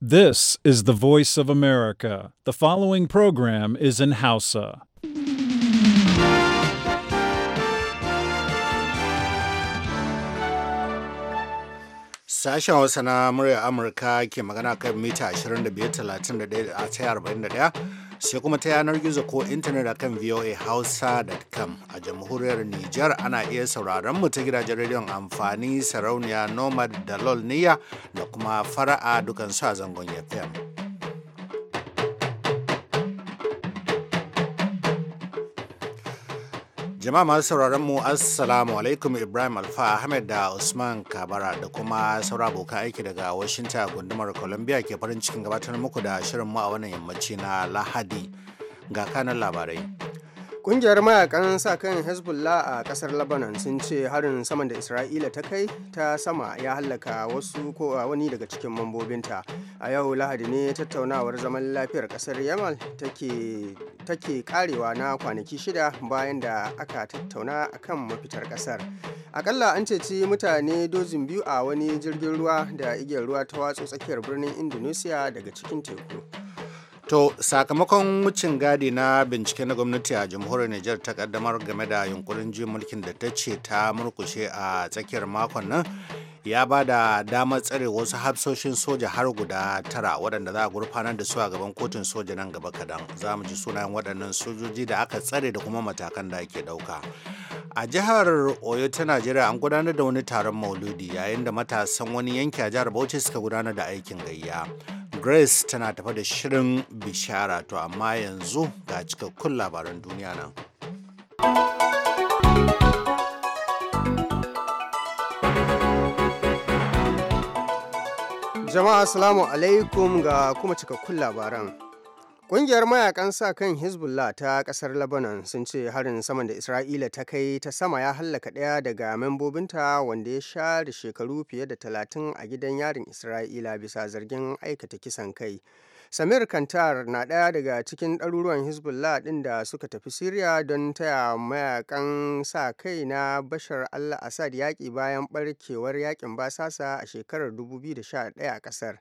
This is the voice of America. The following program is in Hausa. Sashen Hausa na murya Amurka ke magana kan mita 25, 31, a 41 sai kuma ta yanar gizo ko intanet a kan voahausa.com a jamhuriyar Nijar ana iya sauraron mu ta gidajen rediyon amfani sarauniya nomad da lol niya da kuma fara'a dukansu a zangon FM. Jama'a masu sauraron mu Assalamu alaikum Ibrahim Alfa Ahmed da Usman Kabara da kuma saura abokan aiki daga washinta gundumar Columbia ke farin cikin gabatar muku da shirin mu a wannan yammaci na Lahadi ga kanan labarai. Kungiyar mayakan sa kan Hezbollah a kasar Lebanon sun ce harin saman da Isra'ila ta kai ta sama ya hallaka wasu ko wani daga cikin mambobinta. A yau Lahadi ne tattaunawar zaman lafiyar kasar Yamal take take karewa na kwanaki shida bayan da aka tattauna akan mafitar kasar akalla an ceci mutane dozin biyu a wani jirgin ruwa da igiyar ruwa ta watsu tsakiyar birnin indonesia daga cikin teku To sakamakon wucin gadi na bincike na gwamnati a jamhuriyar Nijar ta kaddamar game da yunkurin jin mulkin da ta ce ta murkushe a tsakiyar makon nan ya ba da damar tsare wasu hafsoshin soja har guda tara waɗanda za a gurfanar da su a gaban kotun soja nan gaba kadan za mu ji sunayen waɗannan sojoji da aka tsare da kuma matakan da ake ɗauka a jihar oyo ta najeriya an gudanar da wani taron mauludi yayin da matasan wani yanki a jihar bauchi suka gudanar da aikin gayya grace tana tafa da shirin bishara to amma yanzu ga cikakkun labaran duniya nan Jama'a Assalamu alaikum ga kuma cikakkun labaran. Ƙungiyar mayakan sa kan Hezbollah ta ƙasar Lebanon sun ce harin saman da Isra'ila ta kai ta sama ya hallaka ɗaya daga membobinta wanda ya share shekaru fiye da talatin a gidan yarin Isra'ila bisa zargin aikata kisan kai. samir kantar na ɗaya daga cikin ɗaruruwan hezbollah ɗin da suka tafi syria don taya mayakan sa kai na bashar allah assad yaƙi bayan ɓarkewar yaƙin basasa a shekarar 2011 a ƙasar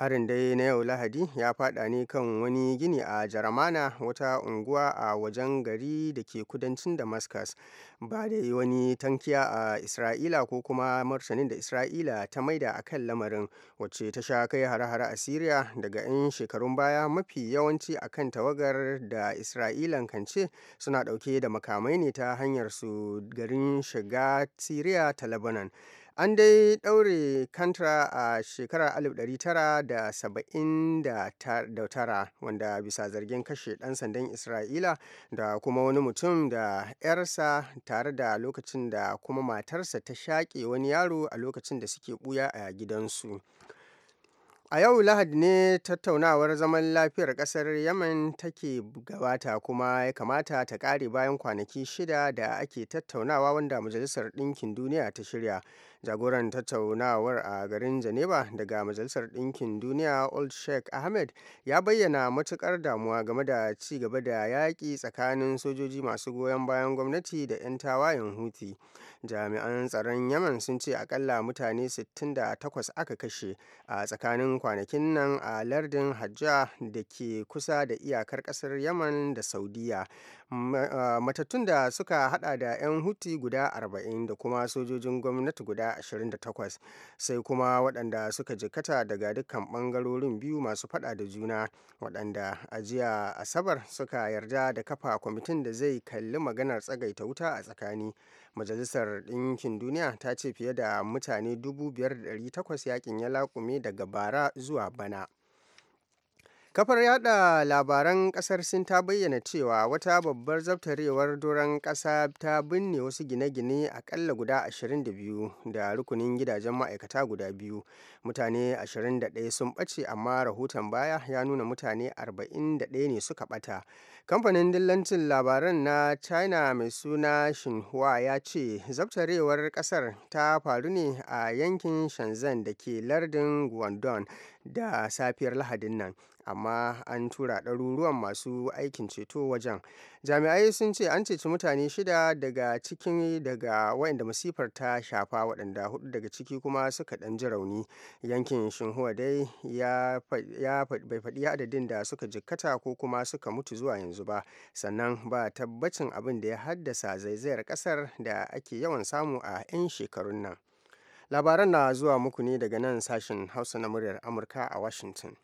harin dai na yau lahadi ya fada ne kan wani gini a jaramana wata unguwa a wajen gari da ke kudancin damascus ba da wani tankiya a isra'ila ko kuma martanin da isra'ila ta maida a kan lamarin wacce ta sha kai hare-hare a syria daga 'yan shekarun baya mafi yawanci a kan tawagar da isra'ilan kan ce suna dauke da makamai ne ta hanyar su garin shiga syria ta lebanon An dai ɗaure kantra a shekarar 1979 wanda bisa zargin kashe ɗan sandan Isra'ila da kuma wani mutum da 'yarsa tare da lokacin da kuma matarsa ta shaƙe wani yaro a lokacin da suke ɓuya a gidansu. A yau Lahadi ne tattaunawar zaman lafiyar ƙasar Yemen take gabata kuma ya kamata ta ƙare bayan kwanaki shida da ake tattaunawa wanda Majalisar Ɗinkin Duniya ta shirya. jagoran tattaunawar a garin geneva daga majalisar ɗinkin duniya old sheikh ahmed ya bayyana matukar damuwa game da ci gaba da yaƙi tsakanin sojoji masu goyon bayan gwamnati da 'yan tawayen huti jami'an tsaron yaman sun ce akalla mutane 68 aka kashe a tsakanin kwanakin nan a lardin hajja da ke kusa da iyakar ƙasar yaman da saudiya matattun da suka hada da 'yan huti guda 40 da kuma sojojin gwamnati guda 28 sai kuma waɗanda suka jikata daga dukkan ɓangarorin biyu masu fada da juna waɗanda a jiya asabar suka yarda da kafa kwamitin da zai kalli maganar tsagaita wuta a tsakani majalisar ɗinkin duniya ta ce fiye da mutane 5,800 yakin ya laƙume daga bara zuwa bana. kafar yada labaran kasar sin ta bayyana cewa wata babbar zabtarewar doron kasa ta binne wasu gine-gine akalla guda 22 da rukunin gidajen ma'aikata guda biyu mutane 21 sun ɓace amma rahoton baya ya nuna mutane 41 ne suka ɓata Kamfanin dillancin labaran na China mai suna Xinhua ya ce zabtarewar kasar ta faru ne a yankin Shenzhen da ke lardin Guangdong da safiyar Lahadin nan. amma an tura ɗaruruwan masu aikin ceto wajen jami'ai sun ce an ceci mutane shida daga cikin daga waɗanda masifar ta shafa waɗanda hudu daga ciki kuma suka ɗan ji rauni yankin shinhua dai ya bai faɗi adadin da suka jikkata ko kuma suka mutu zuwa yanzu yanzu ba sannan ba tabbacin abin da ya haddasa zaizayar kasar da ake yawan samu a 'yan shekarun nan labaran na zuwa muku ne daga nan sashen hausa na muryar amurka a washington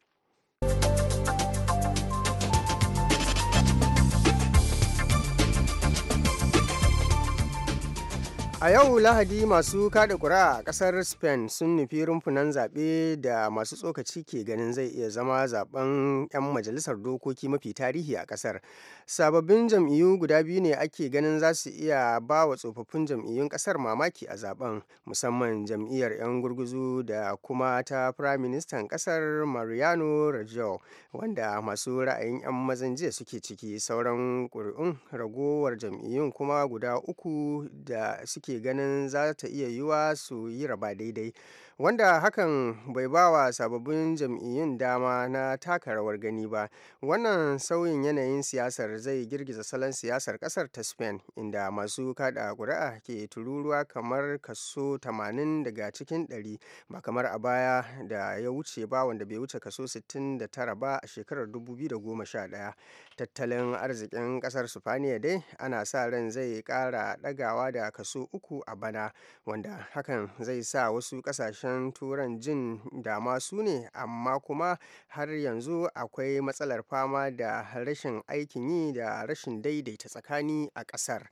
A yau Lahadi masu kada kura a kasar Spain sun nufi rumfunan zaɓe da masu tsokaci ke ganin zai iya zama zaben 'yan majalisar dokoki mafi tarihi a kasar. Sababbin jam'iyyu guda biyu ne ake ganin za su iya ba wa tsofaffin jam'iyyun kasar mamaki a zaben musamman jam'iyyar 'yan gurguzu da kuma ta Prime Minister kasar Mariano Rajoy wanda masu ra'ayin 'yan mazan jiya suke ciki sauran ƙuri'un ragowar jam'iyyun kuma guda uku da suke ke ganin za ta iya yiwa su yi raba daidai wanda hakan bai ba wa sababbin jam'iyyun dama na taka rawar gani ba wannan sauyin yanayin siyasar zai girgiza salon siyasar kasar ta spain inda masu kada ƙuri'a ke tururuwa kamar kaso 80 daga cikin 100 ba kamar a baya da ya wuce ba wanda bai wuce kaso 69 ba a shekarar 2011 tattalin arzikin kasar spaniya dai ana sa ran zai kara dagawa da kaso uku a bana wanda hakan zai sa wasu kasashen ƙasashen turan jin dama su ne amma kuma har yanzu akwai matsalar fama da rashin aikin yi da rashin daidaita tsakani a ƙasar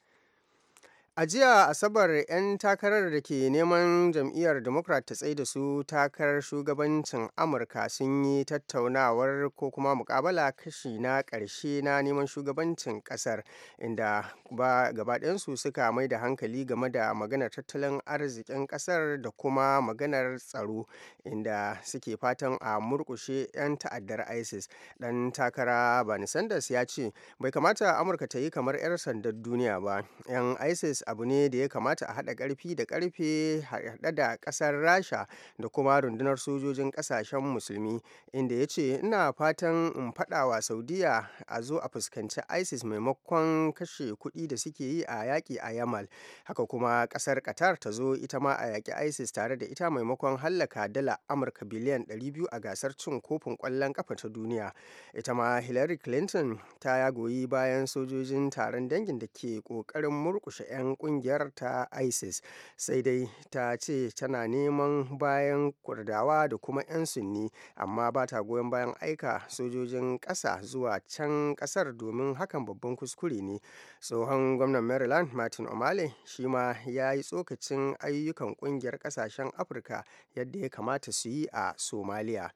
A jiya Asabar 'yan takarar da ke neman jam'iyyar Democrat ta tsaye da su takarar shugabancin Amurka sun yi tattaunawar ko kuma mukabala kashi na ƙarshe na neman shugabancin ƙasar inda ba gabaɗansu suka mai da hankali game da maganar tattalin arzikin ƙasar da kuma maganar tsaro inda suke fatan a murƙushe 'yan ta'addar ISIS. Ɗan takara bani Sanders ya ce bai kamata Amurka ta yi kamar 'yan sandar duniya ba. 'Yan ISIS abu ne da ya kamata a haɗa ƙarfi da ƙarfe haɗe da ƙasar rasha da kuma rundunar sojojin ƙasashen musulmi inda ya ce ina fatan in faɗa wa saudiya a zo a fuskanci isis maimakon kashe kuɗi da suke yi a yaƙi a yamal haka kuma ƙasar qatar ta zo ita ma a yaƙi isis tare da ita maimakon hallaka dala amurka biliyan 200 a gasar cin kofin ƙwallon ƙafa ta duniya ita ma hillary clinton ta ya goyi bayan sojojin taron dangin da ke ƙoƙarin murƙushe 'yan kungiyar ta isis sai dai ta ce tana neman bayan kurdawa da kuma 'yan sunni amma ba ta goyon bayan aika sojojin ƙasa zuwa can ƙasar domin hakan babban kuskure ne tsohon gwamnan maryland martin o'malley shi ma ya yi tsokacin ayyukan ƙungiyar ƙasashen afirka yadda ya kamata su yi a Somalia.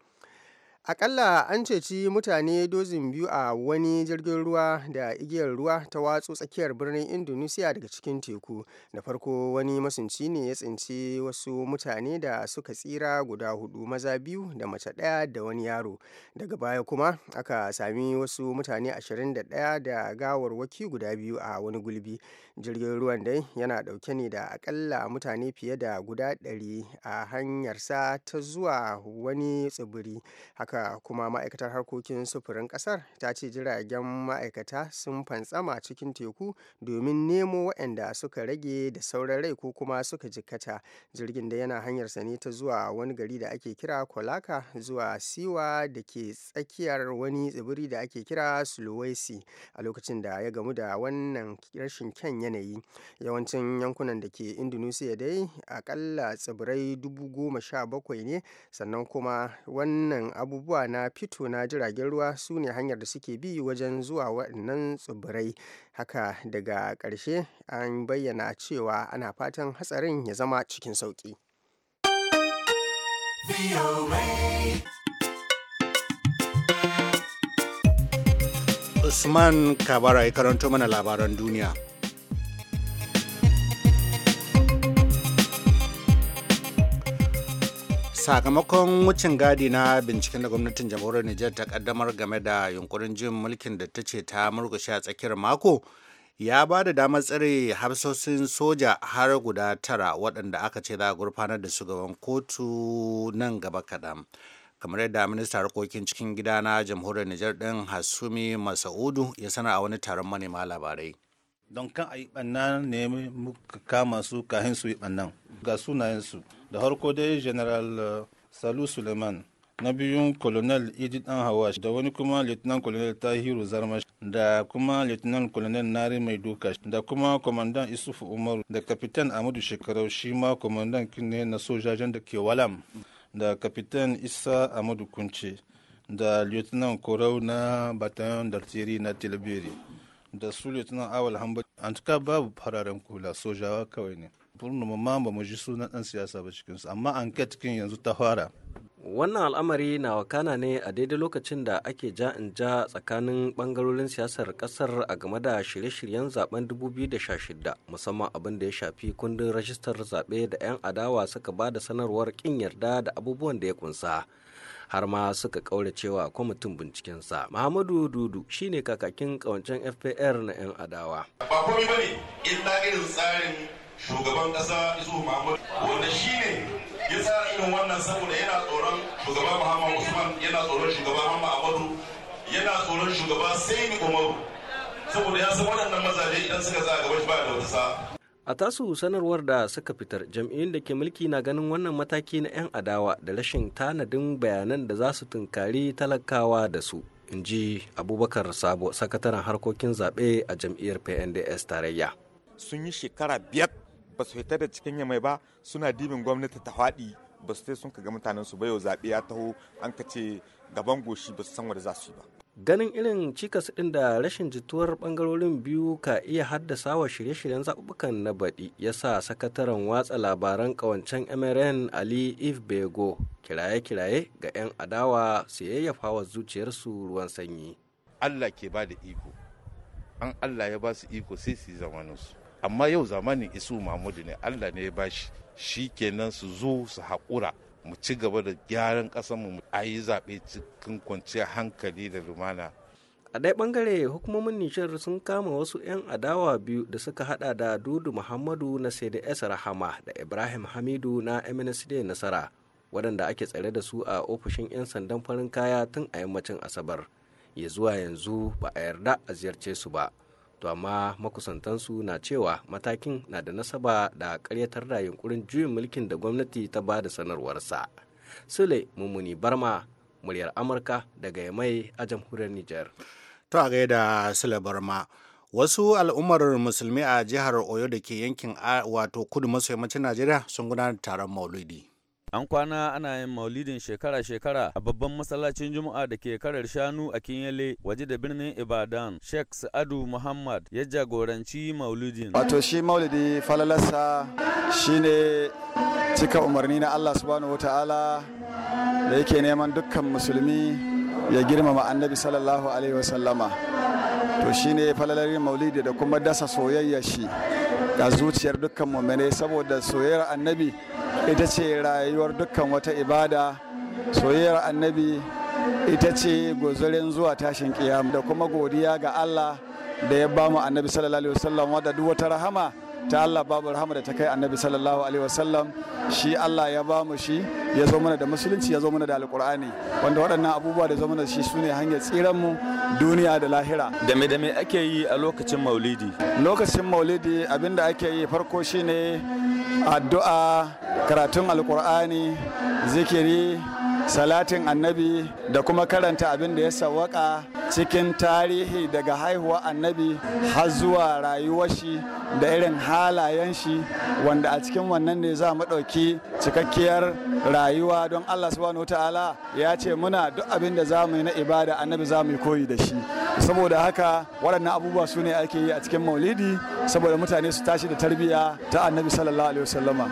Akalla an ceci mutane dozin biyu a wani jirgin ruwa da igiyar ruwa ta watsu tsakiyar birnin Indonesiya daga cikin teku. Da farko wani masunci ne ya tsinci wasu mutane da suka tsira guda hudu maza biyu da mace ɗaya da wani yaro. Daga baya kuma aka sami wasu mutane 21 da gawarwaki guda biyu a wani gulbi. Jirgin ruwan dai yana dauke ne da akalla mutane fiye da guda 100 a hanyarsa ta zuwa wani tsibiri. Haka haka kuma ma'aikatar harkokin sufurin kasar ta ce jiragen ma'aikata sun fantsama cikin teku domin nemo waɗanda suka rage da sauran rai ko kuma suka jikkata jirgin da yana hanyar ne ta zuwa wani gari da ake kira kolaka zuwa siwa da ke tsakiyar wani tsibiri da ake kira sulawesi a lokacin da ya gamu da wannan rashin kyan yanayi yawancin yankunan da ke indonesia dai akalla tsibirai dubu goma sha bakwai ne sannan kuma wannan abu abubuwa na fito na jiragen ruwa su ne hanyar da suke bi wajen zuwa waɗannan tsibirai haka daga ƙarshe an bayyana cewa ana fatan hatsarin ya zama cikin sauƙi. Usman Kabara ya karanto mana labaran duniya. sakamakon wucin gadi na binciken da gwamnatin jamhuriyar Nijar ta kaddamar game da yunkurin jin mulkin da ta ce ta murgushe a tsakiyar mako ya ba da damar tsare hafsosin soja har guda tara waɗanda aka ce za a gurfanar da shugaban kotu nan gaba kaɗan. kamar yadda minista harkokin cikin gida na jamhuriyar Nijar ɗin Hasumi Masaudu ya sanar a wani taron manema labarai. Don kan a yi ne muka kama su kahin su yi ɓannan ga sunayensu. da harko dai general eh, salu suleiman na biyun colonel idid dan hawash da wani kuma lieutenant colonel tahiru zarmash da kuma lieutenant colonel nari mai duka da kuma kwamandan isufu umaru da kapitan amadu shekarau shi ma kwamandan kinne na sojajen da ke walam da kapitan isa amadu kunce da lieutenant korau na bataillon d'artillerie na tilbiri da su lieutenant awal hamba an babu fararen kula sojawa kawai ne furnuma ma ba mu ji sunan ɗan siyasa ba cikinsu amma anket cikin yanzu ta fara wannan al'amari na wakana ne a daidai lokacin da ake ja in ja tsakanin bangarorin siyasar kasar a game da shirye-shiryen zaben 2016 musamman abin da ya shafi kundin rajistar zaɓe da 'yan adawa suka ba da sanarwar kin yarda da abubuwan da ya kunsa har ma suka kaura cewa kwamitin bincikensa muhammadu dudu shine kakakin kawancen fpr na 'yan adawa ba komai bane illa irin tsarin shugaban kasa isu mahmud wanda shi ne ya tsara irin wannan saboda yana tsoron shugaban muhammad usman yana tsoron shugaban muhammad yana tsoron shugaban sai ni umaru saboda ya san waɗannan mazaje idan suka tsaya gaba ba da wata sa. a tasu sanarwar da suka fitar jam'iyyun da ke mulki na ganin wannan mataki na 'yan adawa da rashin tanadin bayanan da za su tunkari talakawa da su in ji abubakar sabo sakataren harkokin zaɓe a jam'iyyar pnds tarayya sun yi shekara biyar ba su fita da cikin yamai ba suna dibin gwamnati ta faɗi ba su sun kaga mutanen su ba yau zaɓe ya taho an ka ce gaban goshi ba su san wanda za su yi ba. Ganin irin cikas ɗin da rashin jituwar bangarorin biyu ka iya haddasa wa shirye-shiryen zaɓuɓɓukan na baɗi ya sa sakataren watsa labaran ƙawancen MRN Ali If Bego kiraye-kiraye ga 'yan adawa su yayyafa wa zuciyarsu ruwan sanyi. Allah ke ba da iko, an Allah ya ba su iko sai su yi zamaninsu. amma yau zamanin isu mahmudu ne allah ne ya bashi shi kenan su zo su haƙura mu ci gaba da gyaran ƙasarmu a yi zaɓe cikin kwanciyar hankali da lumana a ɗaya ɓangare hukumomin nijar sun kama wasu 'yan adawa biyu da suka hada da dudu muhammadu na cds rahama da ibrahim hamidu na mnsd nasara waɗanda ake tsare da su a ofishin 'yan sandan farin kaya tun a yammacin asabar ya zuwa yanzu ba a yarda a ziyarce su ba to amma makusantansu na cewa matakin na da nasaba da karyatar da yunkurin juyin mulkin da gwamnati ta ba da sanarwarsa sule mummuni barma muryar amurka daga mai a jamhuriyar niger ta gaida sule barma wasu al'ummar musulmi a jihar oyo da ke yankin wato kudu maso yammacin najeriya sun gudanar taron maulidi An kwana ana yin maulidin shekara-shekara a babban masallacin Juma'a da ke karar shanu a kinyale waje da birnin Ibadan. Sheikh Sa'adu Muhammad ya jagoranci maulidin. Wato shi maulidi falalarsa ne cika umarni na Allah subhanahu wata'ala da yake neman dukkan musulmi ya girmama annabi sallallahu alaihi wasallama. To ne falalarin maulidi da kuma dasa soyayya shi ga zuciyar dukkan mummune saboda soyayyar annabi ita ce rayuwar dukkan wata ibada soyayyar annabi ita ce gozarin zuwa tashin kiyam da kuma godiya ga Allah da ya ba mu annabi sallallahu alaihi wasallam wadda duk wata rahama ta Allah babu rahama da ta kai annabi sallallahu alaihi wasallam shi Allah ya ba mu shi ya zo mana da musulunci ya zo mana da alkur'ani wanda waɗannan abubuwa da zo shi su ne hanyar tsiran mu duniya da lahira da me da me ake yi a lokacin maulidi lokacin maulidi abinda ake yi farko shine addu'a karatun alkur'ani zikiri salatin annabi da kuma karanta abin da ya sawaka cikin tarihi daga haihuwa annabi har zuwa rayuwar shi da irin halayen shi wanda a cikin wannan ne za mu ɗauki cikakkiyar rayuwa don allah subhanahu ta'ala ya ce muna duk abin da za mu yi na ibada annabi za mu yi koyi da shi saboda haka waɗannan abubuwa su ne ake yi a cikin maulidi saboda mutane su tashi da tarbiyya ta annabi sallallahu alaihi wasallama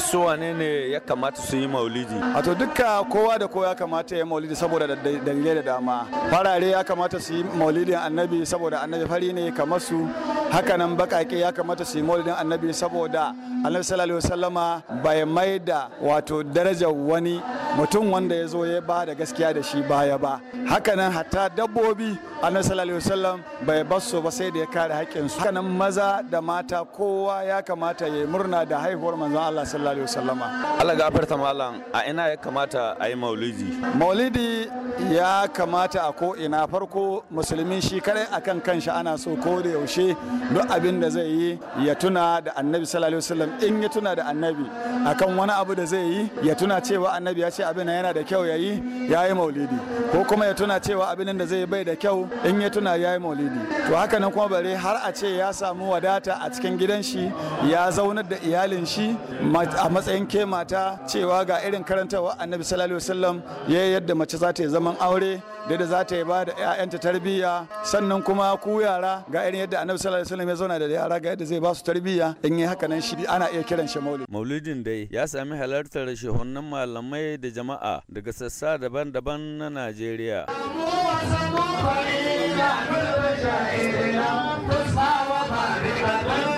su wane ne ya kamata su yi maulidi a to dukka kowa da kowa ya kamata ya maulidi saboda dalilai da dama farare ya kamata su yi maulidin annabi saboda annabi fari ne kamar su hakanan bakake ya kamata su yi maulidin annabi saboda annabi sallallahu alaihi wasallama bai mai da wato daraja wani mutum wanda ya zo ya ba da gaskiya da shi baya ba hakanan hatta dabbobi annabi sallallahu alaihi wasallam bai su ba sai da ya kare haƙƙinsu hakanan maza da mata kowa ya kamata ya murna da haihuwar manzon Allah sallallahu sallallahu alaihi wasallam Allah gafarta malam a ina ya kamata a yi maulidi maulidi ya kamata a ko ina farko musulmi shi kare akan kanshi ana so ko da yaushe duk abin da zai yi ya tuna da annabi sallallahu alaihi wasallam in ya tuna da annabi akan wani abu da zai yi ya tuna cewa annabi ya ce abin yana da kyau ya yi ya yi maulidi ko kuma ya tuna cewa abin da zai bai da kyau in ya tuna ya yi maulidi to haka nan kuma bare har a ce ya samu wadata a cikin gidan shi ya zaunar da iyalin shi a matsayin ke mata cewa ga irin karantarwa annabi sallallahu alaihi wasallam ya yadda mace za ta yi zaman aure da za ta yi ba da 'ya'yanta tarbiyya sannan kuma ku yara ga irin yadda annabi sallallahu alaihi wasallam ya zauna da yara ga yadda zai ba su tarbiyya in yi haka nan shi ana iya kiran shi maulidi maulidin dai ya sami halartar shehunan malamai da jama'a daga sassa daban-daban na Najeriya Thank you.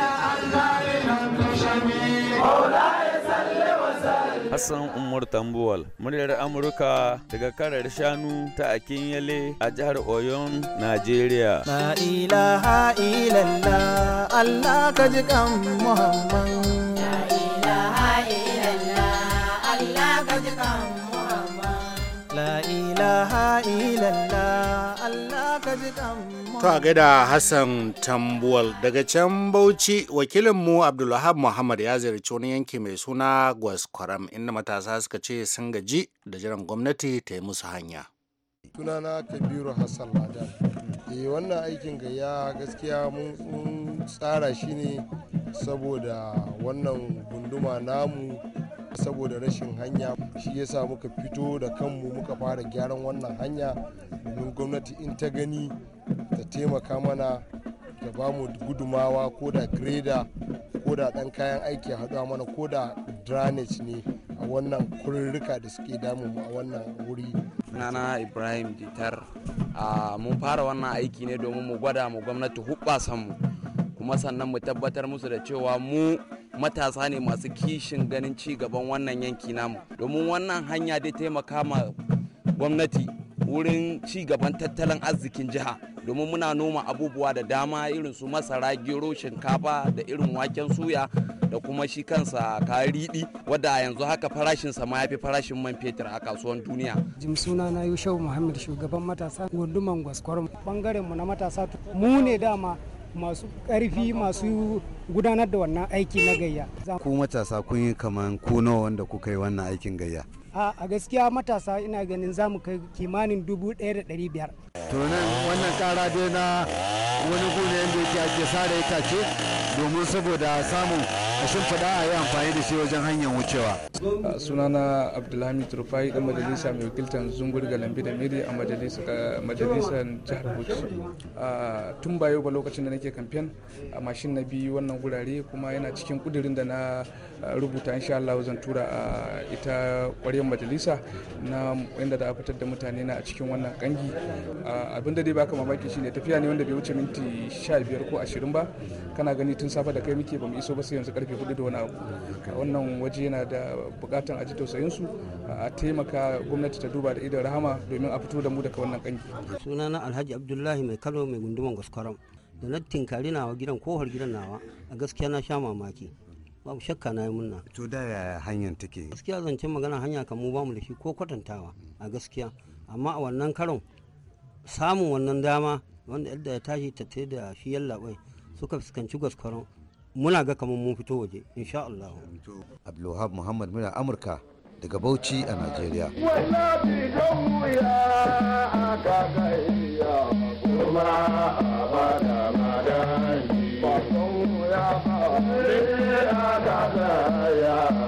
Hassan Umar Tambuwal, muryar Amurka daga karar shanu ta Akinyele a jihar Oyon, Najeriya. La ilaha illallah Allah ka ji kan Muhammad. La ilaha illallah Allah ka ji kan Muhammad. La ilaha illallah To a gaida Hassan Tambuwal daga can Bauchi wakilinmu Abdulwahab Muhammad ya ziyarci wani yanki mai suna Gwaskwaram inda matasa suka ce sun gaji da jiran gwamnati ta yi musu hanya. Sunana Kabiru Hassan Ladan. Eh wannan aikin ya gaskiya mun tsara shi ne saboda wannan gunduma namu saboda rashin hanya shi ya sa muka fito da kanmu muka fara gyaran wannan hanya domin gwamnati in ta gani ta taimaka mana ta ba mu gudumawa ko da greda ko da ɗan kayan aiki haɗuwa mana ko da drainage ne a wannan kururruka da suke damu a wannan wuri Nana ibrahim ditar mun fara wannan aiki ne domin mu gwada mu gwamnati hubbasan mu kuma sannan mu tabbatar musu da cewa mu matasa ne masu kishin ganin ci gaban wannan yanki namu domin wannan hanya dai taimaka ma gwamnati wurin ci gaban tattalin arzikin jiha domin muna noma abubuwa da dama irin su masara gero shinkafa da irin waken suya da kuma shi kansa kariɗi wadda yanzu haka farashinsa ma ya farashin man fetur a kasuwan duniya. jim suna na yushau muhammad shugaban matasa gundumar gwaskwaron bangaren mu na matasa mu ne dama masu karfi masu gudanar da wannan aiki na gayya. Ku matasa kun yi kaman ku nawa wanda kuka yi wannan aikin gayya? A gaskiya matasa ina ganin za mu kai kimanin dubu ɗaya da ɗari biyar. To wannan ƙara dai na wani gune yadda yake ake sare itace domin saboda samun sun faɗa a yi amfani da shi wajen hanyar wucewa. sunana abdulhamid rufai dan majalisa mai wakiltar zungur galambi da miri a majalisar jihar bauchi tun ba yau ba lokacin da nake kamfen a mashin na biyu wannan gurare kuma yana cikin kudirin da na rubuta insha Allah zan tura a ita ƙwaryar majalisa na inda da fitar da mutane na a cikin wannan kangi abin da dai baka mamaki shine tafiya ne wanda bai wuce minti 15 ko 20 ba kana gani tun safa da kai muke bamu iso ba sai yanzu karfe hudu da wani abu wannan waje yana da bukatan a ji tausayin su a taimaka gwamnati ta duba da idan rahama domin a fito da mu daga wannan kanki sunana alhaji abdullahi mai kano mai gunduman gaskwaram da na tinkari nawa gidan kohar gidan nawa a gaskiya na sha mamaki babu shakka na yi munna to da yaya hanyar take gaskiya zancen magana hanya kan mu bamu da shi ko kwatantawa a gaskiya amma a wannan karon samun wannan dama wanda yadda ya tashi ta da shi yallaɓai suka fuskanci gaskwaron muna ga kamar mun fito waje insha Allah Abdulwahab Muhammad muna Amurka daga Bauchi a Najeriya Yeah.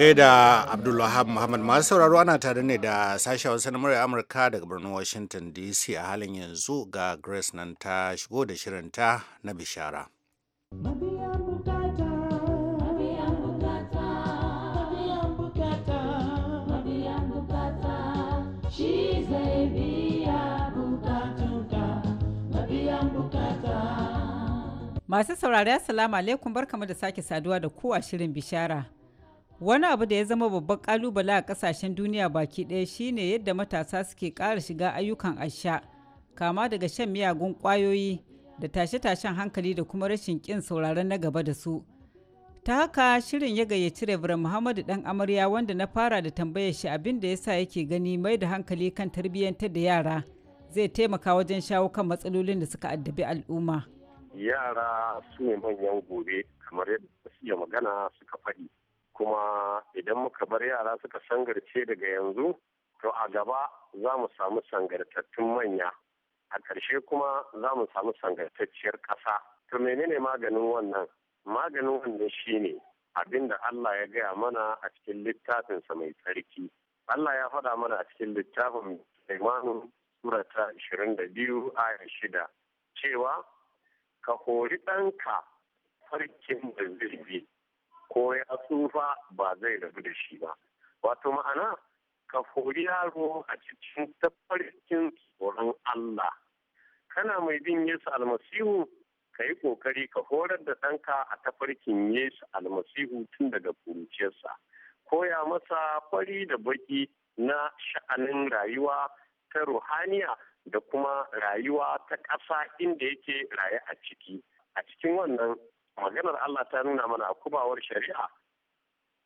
gaida Abdulwahab Muhammad masu sauraro ana tare ne da sashi wasu na murya Amurka daga birnin Washington DC a halin yanzu ga Grace nan ta shigo da shirinta na bishara. Masu saurari Assalamu alaikum barkamu da sake saduwa da kowa shirin bishara. Wani abu da ya zama babban kalubale a kasashen duniya baki ɗaya shine yadda matasa suke ƙara shiga ayyukan asha, kama daga shan miyagun ƙwayoyi da tashe-tashen hankali da kuma rashin ƙin sauraron na gaba da su. Ta haka shirin ya gayyaci rabar Muhammadu ɗan amarya wanda na fara da tambayar shi abin da yasa yake gani mai da hankali kan tarbiyyantar da yara zai taimaka wajen shawo kan matsalolin da suka addabi al'umma. Yara su ne manyan gobe kamar yadda suka magana suka faɗi. kuma idan muka bar yara suka sangarce daga yanzu to a gaba za mu samu sangartattun manya a ƙarshe kuma za mu samu sangartacciyar ƙasa to menene maganin wannan maganin wannan shine abin da Allah ya gaya mana a cikin littafinsa mai tsarki Allah ya faɗa mana a cikin littafin Imanu Sura ta 22 aya shida cewa ka hori ɗanka farkin da zai ko ya tsufa ba zai rabu da shi ba wato ma'ana ka hori yaro a cikin tafarkin tsoron Allah kana mai bin Yesu almasihu ka yi kokari ka horar da ɗanka a tafarkin Yesu almasihu tun daga kuruciyarsa koya masa fari da baki na sha'anin rayuwa ta ruhaniya da kuma rayuwa ta ƙasa inda yake raye a ciki a cikin wannan maganar Allah ta nuna mana a kubawar shari'a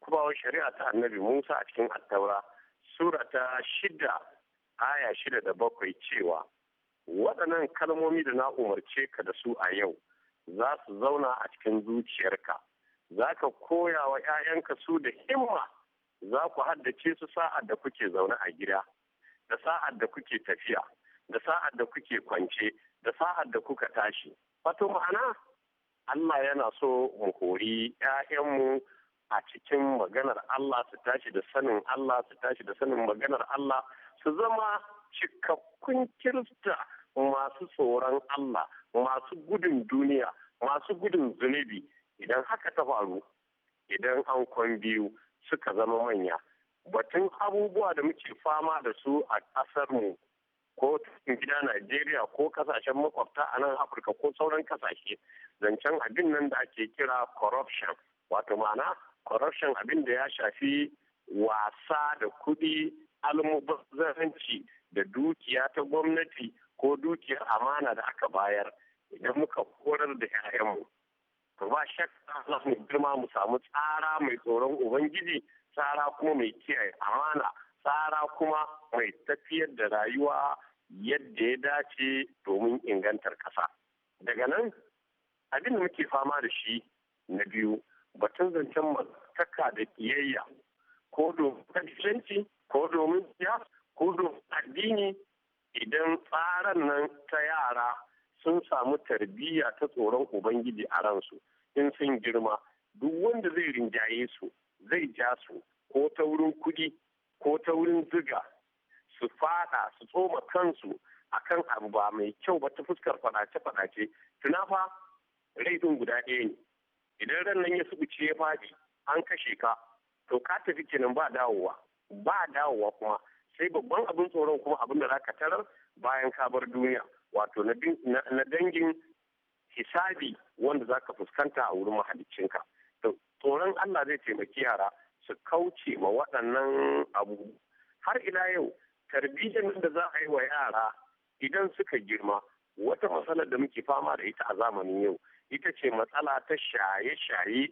kubawar shari'a ta annabi Musa a cikin attaura sura ta shida aya shida da bakwai cewa waɗannan kalmomi da na umarce ka da su a yau za su zauna a cikin zuciyarka za ka koya wa 'ya'yanka su da himma za ku haddace su sa'ad da kuke zaune a gida da sa'ad da kuke tafiya da sa'ad da kuke kwance da sa'ad da kuka tashi wato ma'ana Allah yana so mu hori ‘ya'yanmu a cikin maganar Allah su tashi da sanin Allah su tashi da sanin maganar Allah su zama cikakkun kirista masu tsoron Allah masu gudun duniya masu gudun zunubi idan haka ta faru idan an kwan biyu suka zama manya batun abubuwa da muke fama da su a ƙasarmu ko cikin gida Najeriya ko kasashen makwabta a nan Afirka ko sauran kasashe zancen abin nan da ake kira corruption wato ma'ana corruption abin da ya shafi wasa da kuɗi almubazzaranci da dukiya ta gwamnati ko dukiyar amana da aka bayar idan muka horar da 'ya'yanmu to ba shakka za mu girma mu samu tsara mai tsoron ubangiji tsara kuma mai kiyaye amana tsara kuma mai tafiyar da rayuwa yadda ya dace domin ingantar ƙasa. Daga nan abin da muke fama da shi na biyu batun zancen mataka da ƙiyayya ko domin ko domin siyasa ko domin addini idan tsarin nan ta yara sun samu tarbiyya ta tsoron ubangiji a ransu in sun girma duk wanda zai rinjaye su zai ja su ko ta wurin kudi ko ta wurin ziga su fada su tsoma kansu a kan abu ba mai kyau ba ta fuskar fadace-fadace tuna fa rai guda ɗaya ne idan ran nan ya subuce ya faɗi, an kashe ka to ka tafi kenan ba dawowa ba dawowa kuma sai babban abin tsoron kuma abin da zaka tarar bayan ka bar duniya wato na dangin hisabi wanda zaka fuskanta a wurin mahaliccinka to tsoron Allah zai taimaki yara su kauce ma waɗannan abu har ila yau tarbiyyar da za a yi wa yara idan suka girma wata matsalar da muke fama da ita a zamanin yau ita ce matsala ta shaye-shaye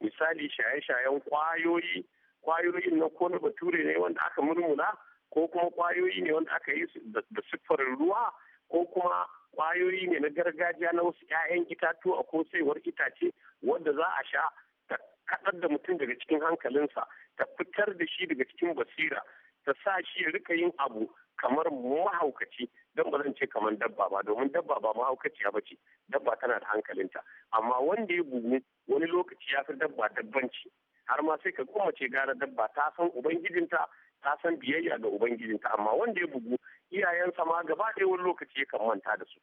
misali shaye-shayen kwayoyi kwayoyin na ko na bature ne wanda aka murmula ko kuma kwayoyi ne wanda aka yi da siffarin ruwa ko kuma kwayoyi ne na gargajiya na wasu 'ya'yan itatuwa ko saiwar itace wanda za a sha ta kaɗar da mutum daga cikin hankalinsa ta fitar da shi daga cikin basira ta sa shi ya rika yin abu kamar mahaukaci don ba zan ce kamar dabba ba domin dabba ba mahaukaci ba ce dabba tana da hankalinta amma wanda ya bugu wani lokaci ya fi dabba dabbanci har ma sai ka kuma ce gara dabba ta san ubangijinta ta san biyayya ga ubangijinta amma wanda ya bugu iyayensa ma gaba ɗaya wani lokaci ya kan manta da su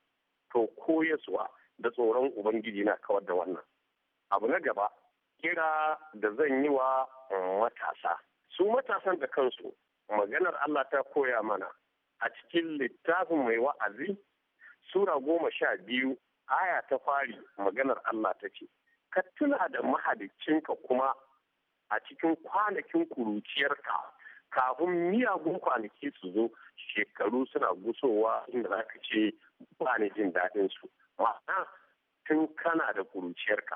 to koyaswa da tsoron ubangiji na kawar da wannan abu na gaba kira da zan yi wa mm, matasa su matasan da kansu maganar Allah ta koya mana a cikin littafin mai wa'azi Sura goma sha biyu aya ta fari maganar Allah ta ce, Ka tuna da mahalicinka kuma a cikin kwanakin kuruciyarka kafin miyagun kwanaki su zo shekaru suna gusowa inda za ka ce ba ni jin daɗinsu. Ma'ana tun kana da kuruciyarka,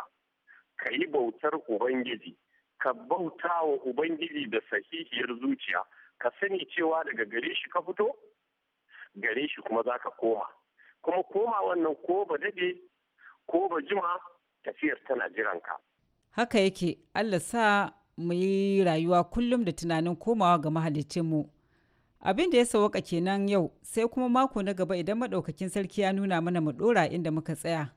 ka yi bautar Ubangiji, ka bauta wa Ubangiji da sahihiyar zuciya. ka sani cewa daga gare shi ka fito gare shi kuma za ka koma kuma koma wannan ko ba dade ko ba jima tafiyar tana jiran ka haka yake allah sa mu yi rayuwa kullum da tunanin komawa ga mahalicinmu abin da ya sauka kenan yau sai kuma mako na gaba idan maɗaukakin sarki ya nuna mana mu ɗora inda muka tsaya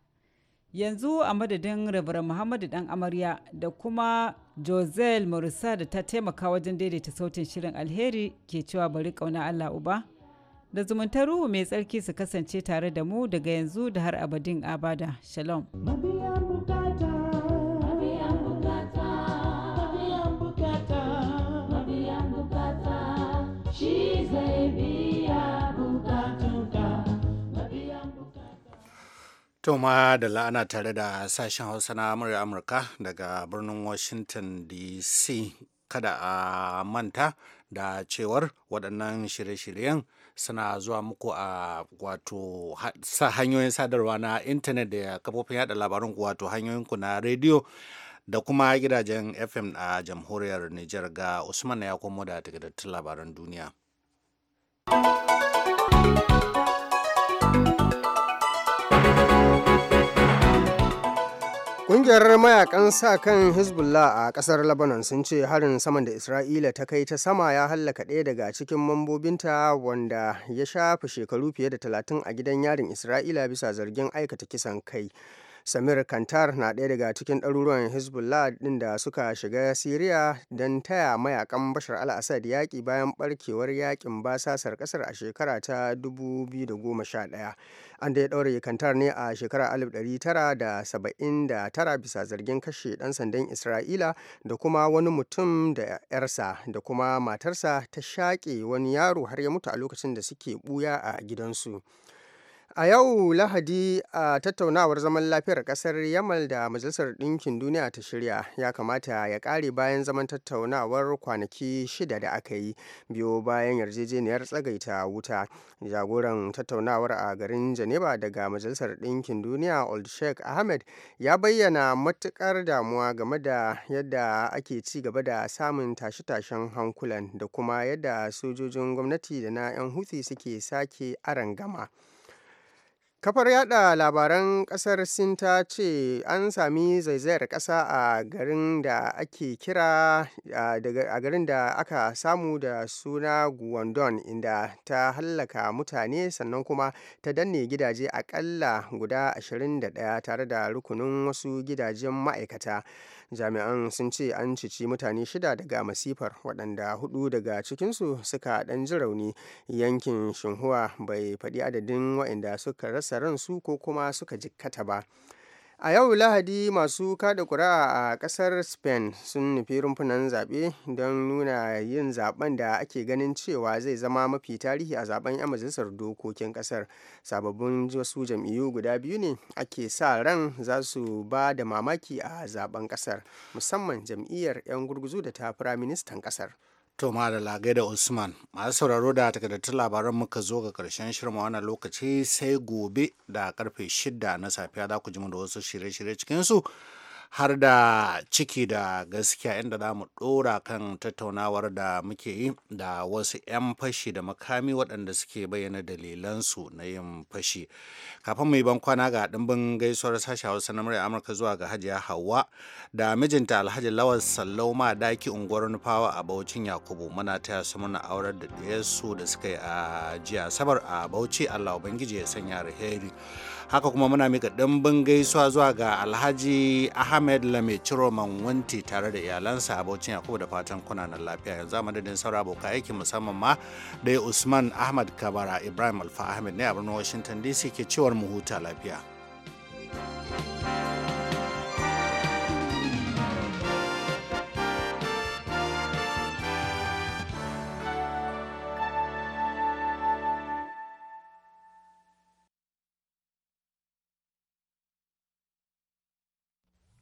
yanzu a madadin rabar muhammadu dan amarya da kuma josel marisa da ta taimaka wajen daidaita sautin shirin alheri ke cewa bari kauna allah uba da zumuntar ruhu mai tsarki su kasance tare da mu daga yanzu da har abadin abada shalom Toma da la'ana tare da sashen Hausa na murya Amurka daga birnin Washington DC kada a manta da cewar waɗannan shirye-shiryen suna zuwa muku a wato sa hanyoyin sadarwa na intanet da kafofin yada labarun wato hanyoyin ku na rediyo da kuma gidajen fm a jamhuriyar nijar ga usman ya komo da takardattun labaran duniya Ƙungiyar mayakan sa kan Hezbollah a ƙasar Lebanon sun ce harin saman da Isra'ila ta kai ta sama ya hallaka ɗaya daga cikin mambobinta wanda ya shafi shekaru fiye da talatin a gidan yarin Isra'ila bisa zargin aikata kisan kai. samir kantar na ɗaya daga cikin ɗaruruwan hezbollah ɗin da suka shiga siriya don taya mayakan bashar al-assad yaƙi bayan ɓarkewar yaƙin basasar ƙasar a shekara ta 2011 an da ya ɗaure kantar ne a shekara 1979 bisa zargin kashe ɗan sandan isra'ila da kuma wani mutum da 'yarsa da kuma matarsa ta shaƙe wani yaro har ya mutu a lokacin da suke ɓuya a gidansu. A yau Lahadi a tattaunawar zaman lafiyar kasar Yamal da Majalisar Ɗinkin Duniya ta shirya ya kamata ya ƙare bayan zaman tattaunawar kwanaki shida da aka yi biyo bayan yarjejeniyar tsagaita wuta. Jagoran tattaunawar a garin Geneva daga Majalisar Ɗinkin Duniya Old Sheikh Ahmed ya bayyana matukar damuwa game da yadda ake ci gaba da samun tashe-tashen hankulan da kuma yadda sojojin gwamnati da na 'yan Houthi suke sake arangama. gama. Kafar yada labaran kasar Sin ta ce an sami zaizayar kasa a garin da ake kira a garin da aka samu da suna Guangdong inda ta hallaka mutane sannan kuma ta danne gidaje akalla guda 21 tare da rukunin wasu gidajen ma'aikata. jami'an sun ce an cici mutane shida daga masifar waɗanda hudu daga cikinsu suka ɗan ji rauni yankin shinhua bai faɗi adadin waɗanda suka rasa ransu ko kuma suka jikkata ba a yau lahadi masu kada kura a kasar spain sun nufi rumfunan zaɓe don nuna yin zaben da ake ganin cewa zai zama mafi tarihi a zaben 'yan majalisar dokokin kasar sababbin wasu jam'iyyu guda biyu ne ake sa ran za su ba da mamaki a zaben kasar musamman jam'iyyar 'yan gurguzu da ta firaministan kasar toma da lagai da Usman, masu sauraro da takardattun labaran muka zo ga karshen shirin wannan lokaci sai gobe da karfe shida na safiya za ku ji mu da wasu shirye-shirye cikinsu. har da ciki da gaskiya inda za mu ɗora kan tattaunawar da muke yi da wasu 'yan fashi da makami waɗanda suke bayyana dalilansu na yin fashi kafin mu yi bankwana ga ɗimbin gaisuwar sashen hausa na murya amurka zuwa ga hajiya hawa da mijinta alhaji lawal sallau ma daki unguwar nufawa a baucin yakubu muna taya su muna aurar da ɗiyarsu da suka yi a jiya sabar a bauchi allah ubangiji ya sanya alheri haka kuma muna mika ɗimbin gaisuwa zuwa ga alhaji ahmed lame ciroman manwanti tare da iyalansa abocin yakubu da fatan kuna na lafiya yanzu a madadin saura abokan aiki musamman ma dai usman ahmad kabara ibrahim alfa ahmed ne a birnin washington dc ke cewar mu huta lafiya